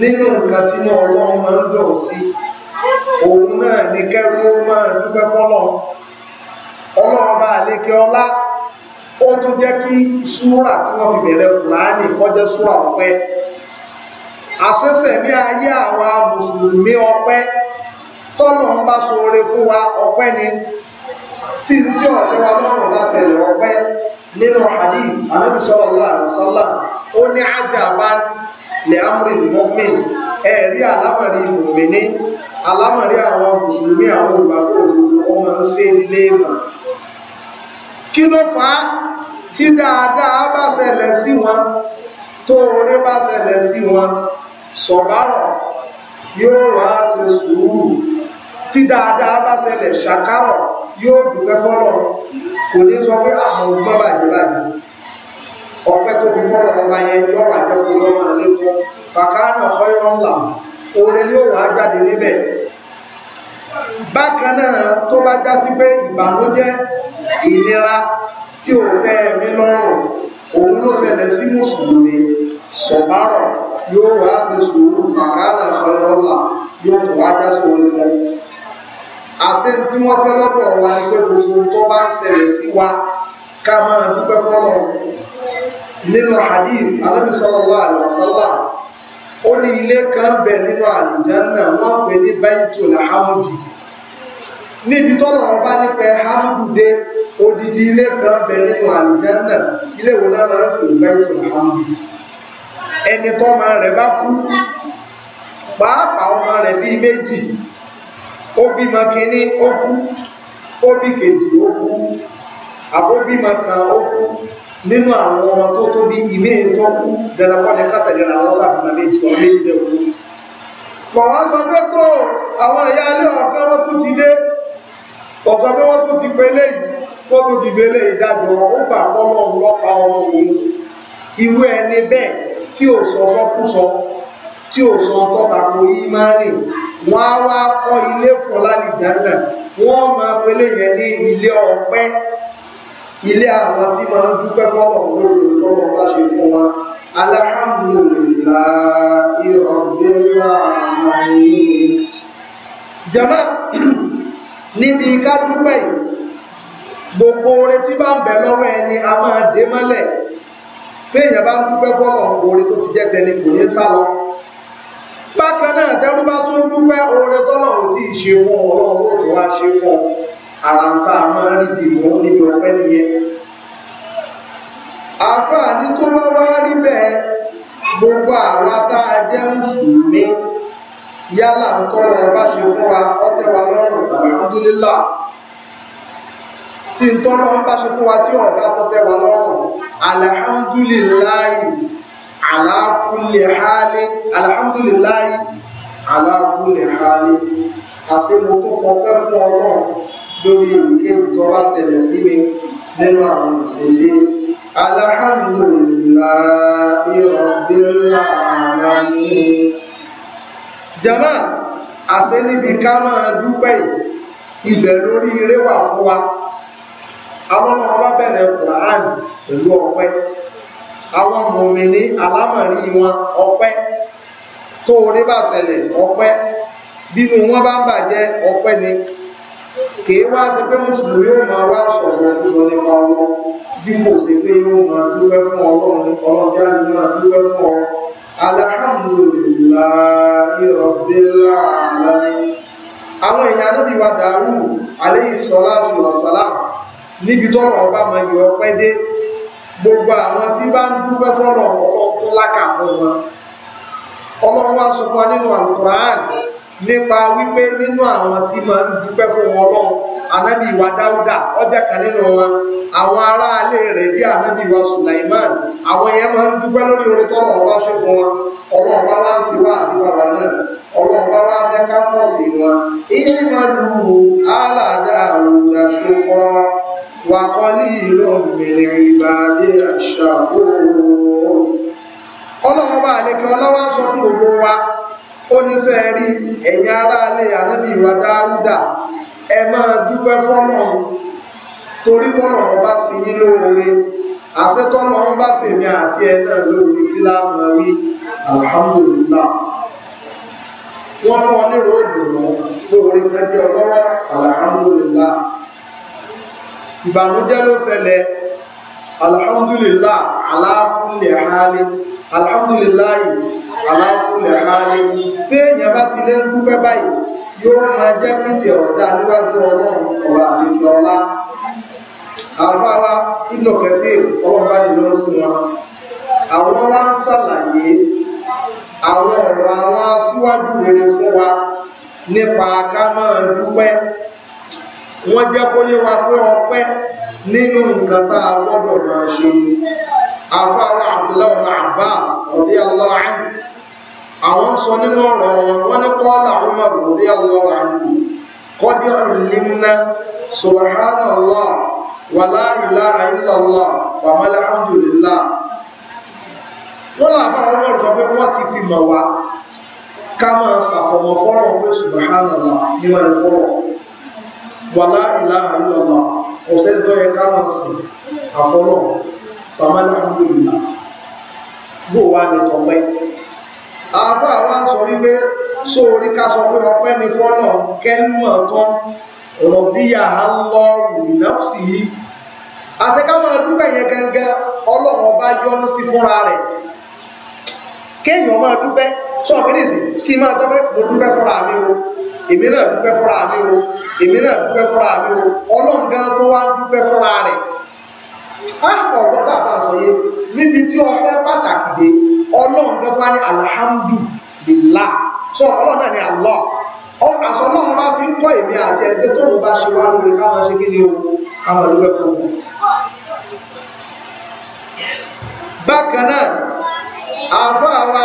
nínú nǹkan tí náà ọlọ́run máa ń dọ̀ sí òun náà ní kẹ́rù ó máa dúpẹ́ fọ́lọ́ ọlọ́run bá ọlá ó tún jẹ́ kí súrà tí wọ́n fi àṣẹ̀ṣẹ̀mí ayé àwa mùsùlùmí ọpẹ́ tọ́lọ̀ bá ṣoore fún wa ọpẹ ni tí ń tí ọ̀dọ́ wa lọ́rùn bá ala ọpẹ́ nínú hadith Ànábì ó ní ajaban li amril mu'min ẹ̀rí alámọ̀rí mùmíní alámọ̀rí àwọn mùsùlùmí àwọn olùgbàgbọ́ ọmọ ń ṣe nílé kí ló fà á tí dáadáa bá ṣẹlẹ̀ sí wọn tó oore bá ṣẹlẹ̀ sí wọn sọ̀bárọ̀ yóò wá ṣe sùúrù tí dáadáa bá ṣẹlẹ̀ ṣàkárọ̀ yóò dúpẹ́ fọ́lọ̀ kò ní sọ pé àwọn ògbọ́n bàjẹ́ bàjẹ́ ọpẹ́ tó fi fọ́lọ̀ ọba yẹn yọ wà jẹ́kù yọ máa lékún bàkánà ọ̀yọ́ ńlá oore yóò wá jáde níbẹ̀ bákan náà tó bá já sí pé ìbànújẹ́ ìnira tí ò tẹ́ ẹ̀mí lọ́rùn òun ló ṣẹlẹ̀ sí mùsùlùmí sọ̀bárọ̀ yóò wá sí sùúrù fàkádà fẹ́lọ́là yóò tó wá já sórí fún àṣẹ tí wọ́n fẹ́ lọ́dọ̀ wa ni pé gbogbo tó bá ń ṣẹlẹ̀ sí wa ká máa dúpẹ́ fọ́lọ́ nínú hadith anábì sallallahu alaihi wasallam ó ní ilé kan bẹ̀ nínú àlùjánnà wọ́n pè ní baitul hamdi níbi tọ́lọ̀ ọba nípa hamidude odidi ilé kan bẹ nínú àlùjànnà ilé wo náà máa ń pè bẹ́ẹ̀tù hamidu ẹni tó ọmọ rẹ̀ bá kú pàápàá ọmọ rẹ̀ bíi méjì ó bímọ kínní ó kú ó bí kejì ó kú àbóbímọ kan ó kú nínú àwọn ọmọ tó tóbi ìmé tó kú dẹnakọ́ni kátàlélà àwọn sábà méjì ọmọ méjì pọ̀ wá sọ pé tó àwọn ìyá ilé ọ̀kan wọ́n tún ti dé ọ̀sán pé wọ́n tó ti pe léyìí tó tó ti pe léyìí ó gbà pọ́lọ́ lọ́pa ọmọ òun irú ẹni bẹ́ẹ̀ tí ò sọ sọkúsọ tí ò sọ tọ́ka kò yí máa rìn wọ́n á wá kọ́ ilé fún lálìjánà wọ́n máa pe léyìn ní ilé ọpẹ́ ilé àwọn tí máa ń dúpẹ́ fọ́lọ̀ lórí ìtọ́lọ́ bá ṣe fún wa alhamdulillahi rabbil alamin jama níbi ká dúpẹ́ yìí gbogbo oore tí bá ń bẹ lọ́wọ́ ẹni a máa dé mọ́lẹ̀ téèyàn bá ń dúpẹ́ fọ́lọ̀ oore tó ti jẹ́ tẹni kò ní sá lọ bákan náà tẹ́rú bá tún dúpẹ́ oore tọ́lọ̀ ò tí ì ṣe fún ọlọ́run ó tún wá ṣe fún ọ ara ń tá a máa rí di ìmọ̀ níbi ọpẹ́ nìyẹn àfààní tó bá wá rí bẹ́ẹ̀ gbogbo àwa tá a jẹ́ mùsùlùmí yálà ń tọrọ ọba ṣe fún wa ọtẹ́ wa lọ́rùn àlùdúlélà tí ń tọrọ ọba ṣe fún wa tí ọba tó tẹ́ wa lọ́rùn alihamudulilayi alakulehali alihamudulilayi alakulehali àṣẹ mo tó fọpẹ́ fún Ọlọ́run lórí èyíkéyìí tó bá ṣẹlẹ̀ sí mi nínú àwọn ìṣẹṣẹ alihamudulilayi rọbìlá àlámín jama àṣẹ níbi ká máa dúpẹ́ yìí ibẹ̀ lórí eré wà fún wa àwọn ọmọ ọba bẹ̀rẹ̀ Quran pẹ̀lú ọpẹ́ àwọn mòmìnì alámọ̀rí wọn ọpẹ́ tó orí bá ṣẹlẹ̀ ọpẹ́ bínú wọn bá ń bàjẹ́ ọpẹ́ ni kìí wá sí pé mùsùlùmí yóò máa wá ṣọ̀ṣọ̀ ìṣọ̀ nípa ọlọ́ bí kò sí pé yóò máa dúpẹ́ fún ọlọ́run ọlọ́jà ni máa dúpẹ́ fún ọ alhamdulillahi rabbil alamin àwọn èèyàn níbi wa dàrú alayhi salatu wassalam níbi tọ́lọ̀ ọba mọ̀ yọ ọpẹ́ dé gbogbo àwọn tí bá ń dúpẹ́ fọ́lọ̀ ọlọ́run tó fún wọn ọlọ́run wá sọ fún wa nínú àlùkùránì nípa wípé nínú àwọn tí máa ń dúpẹ́ fún Ọlọ́run anábì wa dáúdà ọjà kan nínú wọn àwọn aráalé rẹ̀ bí anábì wa Sulaiman àwọn yẹn máa ń dúpẹ́ lórí orin tọ́lọ̀ ọba ṣe fún wọn Ọlọ́run bá wá ń sí wá àti wàrà náà Ọlọ́run bá wá fẹ́ kápọ̀sì wọn ìyẹn máa lu aláàdá àwòrán ṣokọ wàkọ́lì ìlọ́mìnira ìbàdí àṣà fún Ọlọ́run bá àlekẹ́ ọlọ́wọ́ sọ fún gbogbo wa ó ní sẹ́ rí ẹ̀yin aráalé ànábì wa dáúdà ẹ máa dúpẹ́ fọ́nà torí bọ́nà wọn bá sí yín lóore àṣetọ́nà wọn bá sì àti ẹ náà lóore kí láàmú rí alhamdulillah wọ́n fún ọ ní ròdù mọ́ lóore kan jẹ́ ọlọ́wọ́ alhamdulillah ìbànújẹ́ ló ṣẹlẹ̀ alhamdulillah aláàkúnlẹ̀ hálẹ̀ alhamdulillah aláàkúnlẹ̀ hálẹ̀ téèyàn bá ti lé ń dúpẹ́ báyìí yóò máa jẹ́ kí tiẹ̀ ọ̀dá níwájú ọlọ́run ọba àfikì ọlá àfáwá ìlò kẹfẹ́ ọlọ́ba nìyọ́n sí wọn àwọn wá ń ṣàlàyé àwọn ọ̀rọ̀ àwọn aṣíwájú rere fún wa nípa ká máa dúpẹ́ wọ́n jẹ́ kó yé wa pé ọpẹ́ nínú nǹkan tá a gbọ́dọ̀ máa ṣe ni afárá abdullahi ibn abbas radiyallahu anhu àwọn sọ nínú ọ̀rọ̀ wọn wọ́n ní qala umar radiyallahu anhu qadi'un limna subhanallah wa la ilaha illallah wa mal hamdulillah wọ́n làbára umar sọ pé wọ́n ti fi mọ̀ wá ká máa ṣàfọ̀mọ́ fọ́lọ́ pé subhanallah níwájú fọ́lọ́ wa la ilaha illallah kò sẹ́ni tó yẹ káwọn sìn àfọlọ́ famala hamdulilá bó wà ní tọ́pẹ́ àbá wa ń sọ wípé sóòrí ká sọ pé ọpẹ́ ni fọ́lọ̀ kẹ́lùmọ̀ tán rọ̀bíyà lọ́rùn nafsi yìí àṣekáwọn dúpẹ́ yẹn gangan ọlọ́run ọba yọ́nú sí fúnra rẹ̀ kéèyàn máa dúpẹ́ sọ kí nìsí kí máa dúpẹ́ mo dúpẹ́ fúnra mi o èmi náà dúpẹ́ fúnra mi o èmi náà dúpẹ́ fúnra mi o ọlọ́run gan tó wá dúpẹ́ fúnra rẹ̀ á pọ̀ gbọ́dọ̀ àtàṣọ yé níbi tí ọpẹ́ pàtàkì dé ọlọ́run gan tó wá ní alhamdulillah sọ ọlọ́run náà ní Allah àṣọ ọlọ́run bá fi ń kọ́ èmi àti ẹgbẹ́ tó bá ṣe wá lórí káwọn ṣe kí ni o káwọn dúpẹ́ fún un. bákan náà àáfàá wa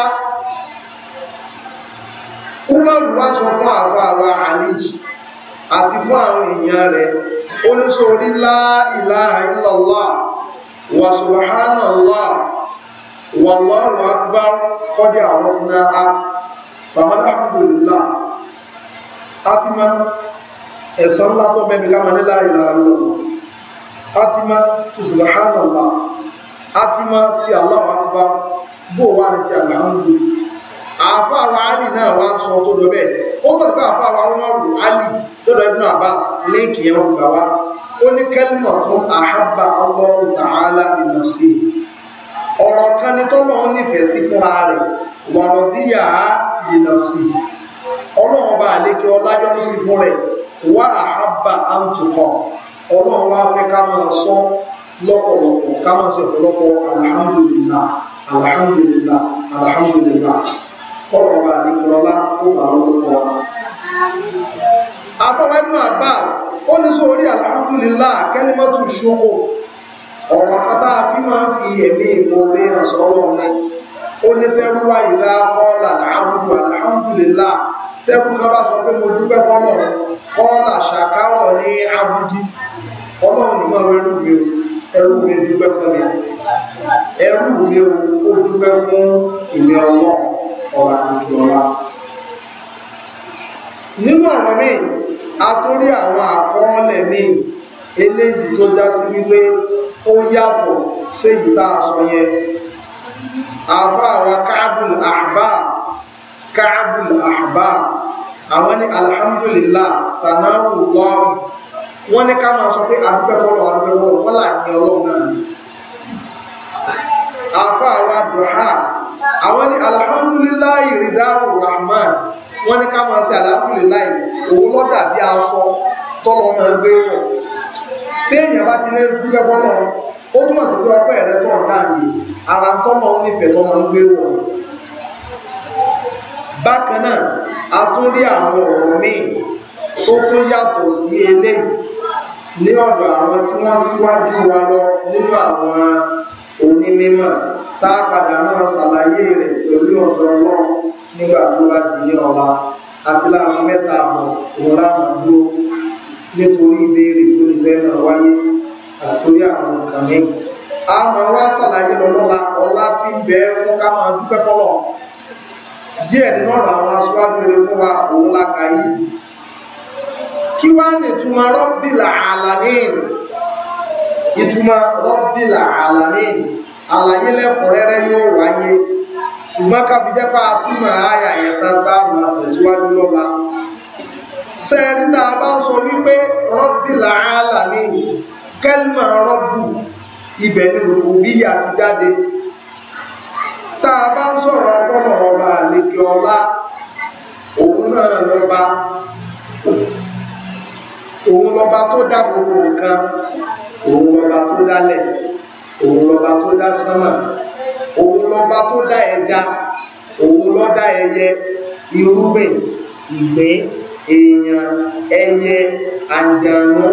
kúmọ̀lù wá sọ fún àáfàá wa àlejò àti fún àwọn èèyàn rẹ̀ oníṣòrí la ilaha illallah wa subhanallah wallahu akbar kọ́dí àwọn fúnra a bàbá alhamdulillah àti ma ẹ̀sán ńlá tó bẹ́ẹ̀ mi ká máa ní la ilaha illallah àti ma ti subhanallah àti ma ti Allahu akbar bó wà ní ti alhamdulillah àfa àwọn náà wá ń sọ tó dọ bẹ́ẹ̀ ó bẹ̀rẹ̀ bá àfa àwọn ọmọ rù alì lọ́dọ̀ ibùdó abbas lẹ́ǹkì yẹn wọ́n gbà wá ó ní kẹ́lìmọ̀ tó àhábà ọlọ́run tààlà nínú sí i ọ̀rọ̀ kan ni tọ́lọ́run nífẹ̀ẹ́ sí fúnra rẹ̀ wàrọ̀ bíyà á nínú sí i ọlọ́run bá àlékè ọlájọ́ ní sí fún rẹ̀ wá àhábà àǹtùkọ̀ ọlọ́run wá fẹ́ ká máa sọ lọ́pọ̀lọpọ̀ ká máa sọ ọ̀pọ̀lọpọ̀ alhamdulillah alhamdulillah alhamdulillah kọ́kọ́ bá nìkìlọ́lá ó bá wọn ló wọ́n. afọwọ́ ibn Abbas ó ní sọ orí alhamdulillah kẹ́límọ́tù ṣòwò ọ̀rọ̀ kátà fi máa ń fi ẹ̀mí ìmọ̀ọ́mí hàn sọ́wọ́ ni ó ní tẹ́rùwá ìlà kọ́ọ̀lá làábùdù alhamdulillah tẹ́rù kan bá sọ pé mo dúpẹ́ fọ́lọ̀ kọ́ọ̀lá ṣàkárọ̀ ní abudi ọlọ́run ní máa wẹ́rù mi o ẹrù mi dúpẹ́ fún mi ẹrù mi o ó dúpẹ́ fún ìmẹ̀ ọlọ́run ọba kìkì ọba nínú ọ̀rọ̀ míì a tún rí àwọn àkọọ́lẹ̀ míì eléyìí tó dá sí wípé ó yàtọ̀ séyìí tá a sọ yẹn àfa àwa káàbùl àhbà káàbùl àhbà àwọn ní alhamdulillah fanáwù lọ́ọ̀rù wọ́n ní ká máa sọ pé àdúgbẹ́ fọ́lọ̀ wọ́n là ní ọlọ́run náà àfa àwa dùhà àwọn ní alhamdulilayi ridaru rahman wọ́n ní ká máa ṣe alhamdulilayi òun ló dàbí aṣọ tọ́lọ́ máa gbé wọ̀ téèyàn bá ti lé dúpẹ́ bọ́lọ́ ó túmọ̀ sí pé ọpẹ́ rẹ tó ń dáàbì ara tọ́mọ onífẹ̀ẹ́ tó máa ń gbé wọ̀ bákan náà a tún rí àwọn ọ̀rọ̀ míì tó tó yàtọ̀ sí eléyìí ní ọ̀dọ̀ àwọn tí wọ́n síwájú wa lọ nínú àwọn onímímọ̀ tá a padà máa ṣàlàyé rẹ̀ pẹ̀lú ọ̀dọ̀ ọlọ́run nígbà tó bá di ní ọba àti láàmú mẹ́ta àbọ̀ òun láàmú dúró nítorí ìbéèrè tó lè fẹ́ náà wáyé àtòrí àwọn nǹkan mẹ́rin. a máa wá ṣàlàyé lọ lọ́la ọlá tí ń bẹ fún ká máa dúpẹ́ fọ́lọ̀ díẹ̀ nínú ọ̀rọ̀ àwọn aṣáájú rere fún wa òun la kí wá nìtumọ̀ rọ́bìlà àlàmíìn ìtumọ̀ rọ́bìlà alamin àlàyé lẹ́kùnrẹ́rẹ́ yóò wáyé ṣùgbọ́n kábíjẹ́pá túmọ̀ àyà ẹ̀tàn bá máa tẹ̀síwájú lọ́la sẹ́ẹ̀rí náà bá ń sọ wípé rọ́bìlà alamin kẹ́lmà rọ́bù ibẹ̀ ni rùbùbíyà ti jáde tá a bá ń sọ̀rọ̀ ọpọlọ ọba àlekè ọlá òun náà lọ́ba òun lọ́ba tó dá gbogbo nǹkan òun lọba tó dálẹ̀ òun lọba tó dá sánmà òun lọba tó dá ẹja òun ló dá ẹyẹ irúgbìn ìgbín èèyàn ẹyẹ àjànú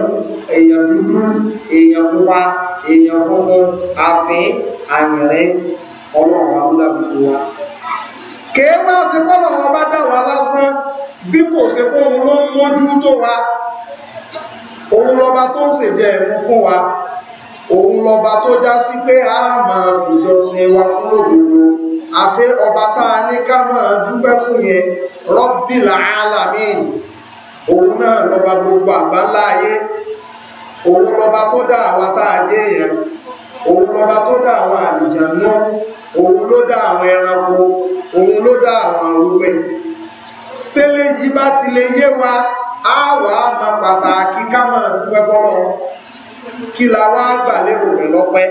èèyàn dúdú èèyàn pupa èèyàn funfun àfin àyìnrín ọlọ́run abúlé àbúkú wa kèé máa ṣe pọ́nà wọn bá dá wa lásán bí kò ṣe pọ́nà ló ń mójú tó wa òun lọba tó ń ṣèjẹ ẹ̀mú fún wa òun lọba tó já sí pé a máa fìjọsìn wa fún lòdòdó àṣẹ ọba tá a ní ká máa dúpẹ́ fún yẹn Rabbil alamin òun náà lọba gbogbo àgbáńlá ayé òun lọba tó dá àwa tá a jẹ́ èèyàn òun lọba tó dá àwọn àlìjàn náà òun ló dá àwọn ẹranko òun ló dá àwọn àrùwẹ̀ tẹ́lẹ̀ yìí bá ti lè yé wa á wà á ma pàtàkì ká máa dúpẹ́ fọ́lọ́ kí la wá gbà lérò rẹ̀ lọ́pẹ́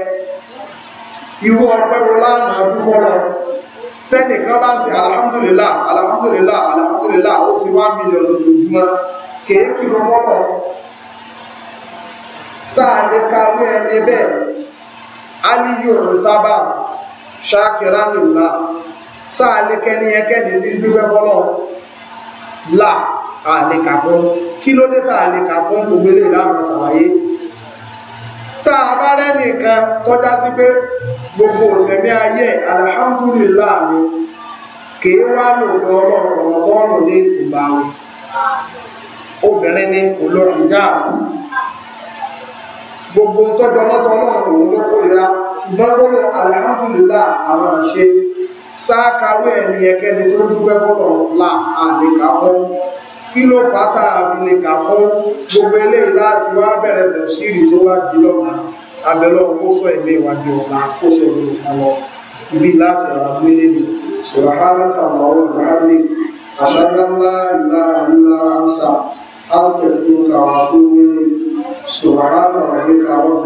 irú ọpẹ́ wo la máa dú fọ́lọ́ tẹ́nìkan bá ń sè alhamdulillah alhamdulillah alhamdulillah ó ti wá mílíọ̀nù lójoojúmọ́ kéèkì ló fọ́lọ́ sáà lè kàwé ẹni bẹ́ẹ̀ aliyu rutaba ṣáàkìrá nìlá sáà lè kẹ́ni ẹkẹ́ni tí ń dúpẹ́ fọ́lọ́ là àlekàkọ́ kí ló dé tá àlekàkọ́ gbogbo eléyìí láwọn ṣàlàyé tá a bá rẹ́nìkan tọ́já sí pé gbogbo òsèmí ayé alhamdulillah ni kèé wá lò fún ọlọ́run ọ̀rọ̀bọ́ọ̀lù ní ìbáwí obìnrin ni olórin jáàmù gbogbo tọ́jọ́ mọ́tọ́ ọlọ́run òun ló kórira ṣùgbọ́n lọ́lọ́ alhamdulillah àwọn àṣẹ sáà karú ẹ̀ ní ẹkẹ́ni tó dúpẹ́ fọ́lọ́run là àlè kí ló fà á tá a fi lè kà fún gbogbo eléyìí láti wá bẹ̀rẹ̀ tẹ̀síìrì tó wá di lọ́la abẹ́lọ́ kó sọ ẹ̀mí ìwádìí ọ̀la kó sọ ìlú ọ̀la ibi láti ara gbélé mi sọ̀rọ̀ hálàkà ọ̀rọ̀ ìbáraẹni àṣàgbà ńlá ìlà ìlà àǹsà àṣẹ fún kàwá tó wílé sọ̀rọ̀ hálàkà ọ̀rọ̀ ìkàwọ́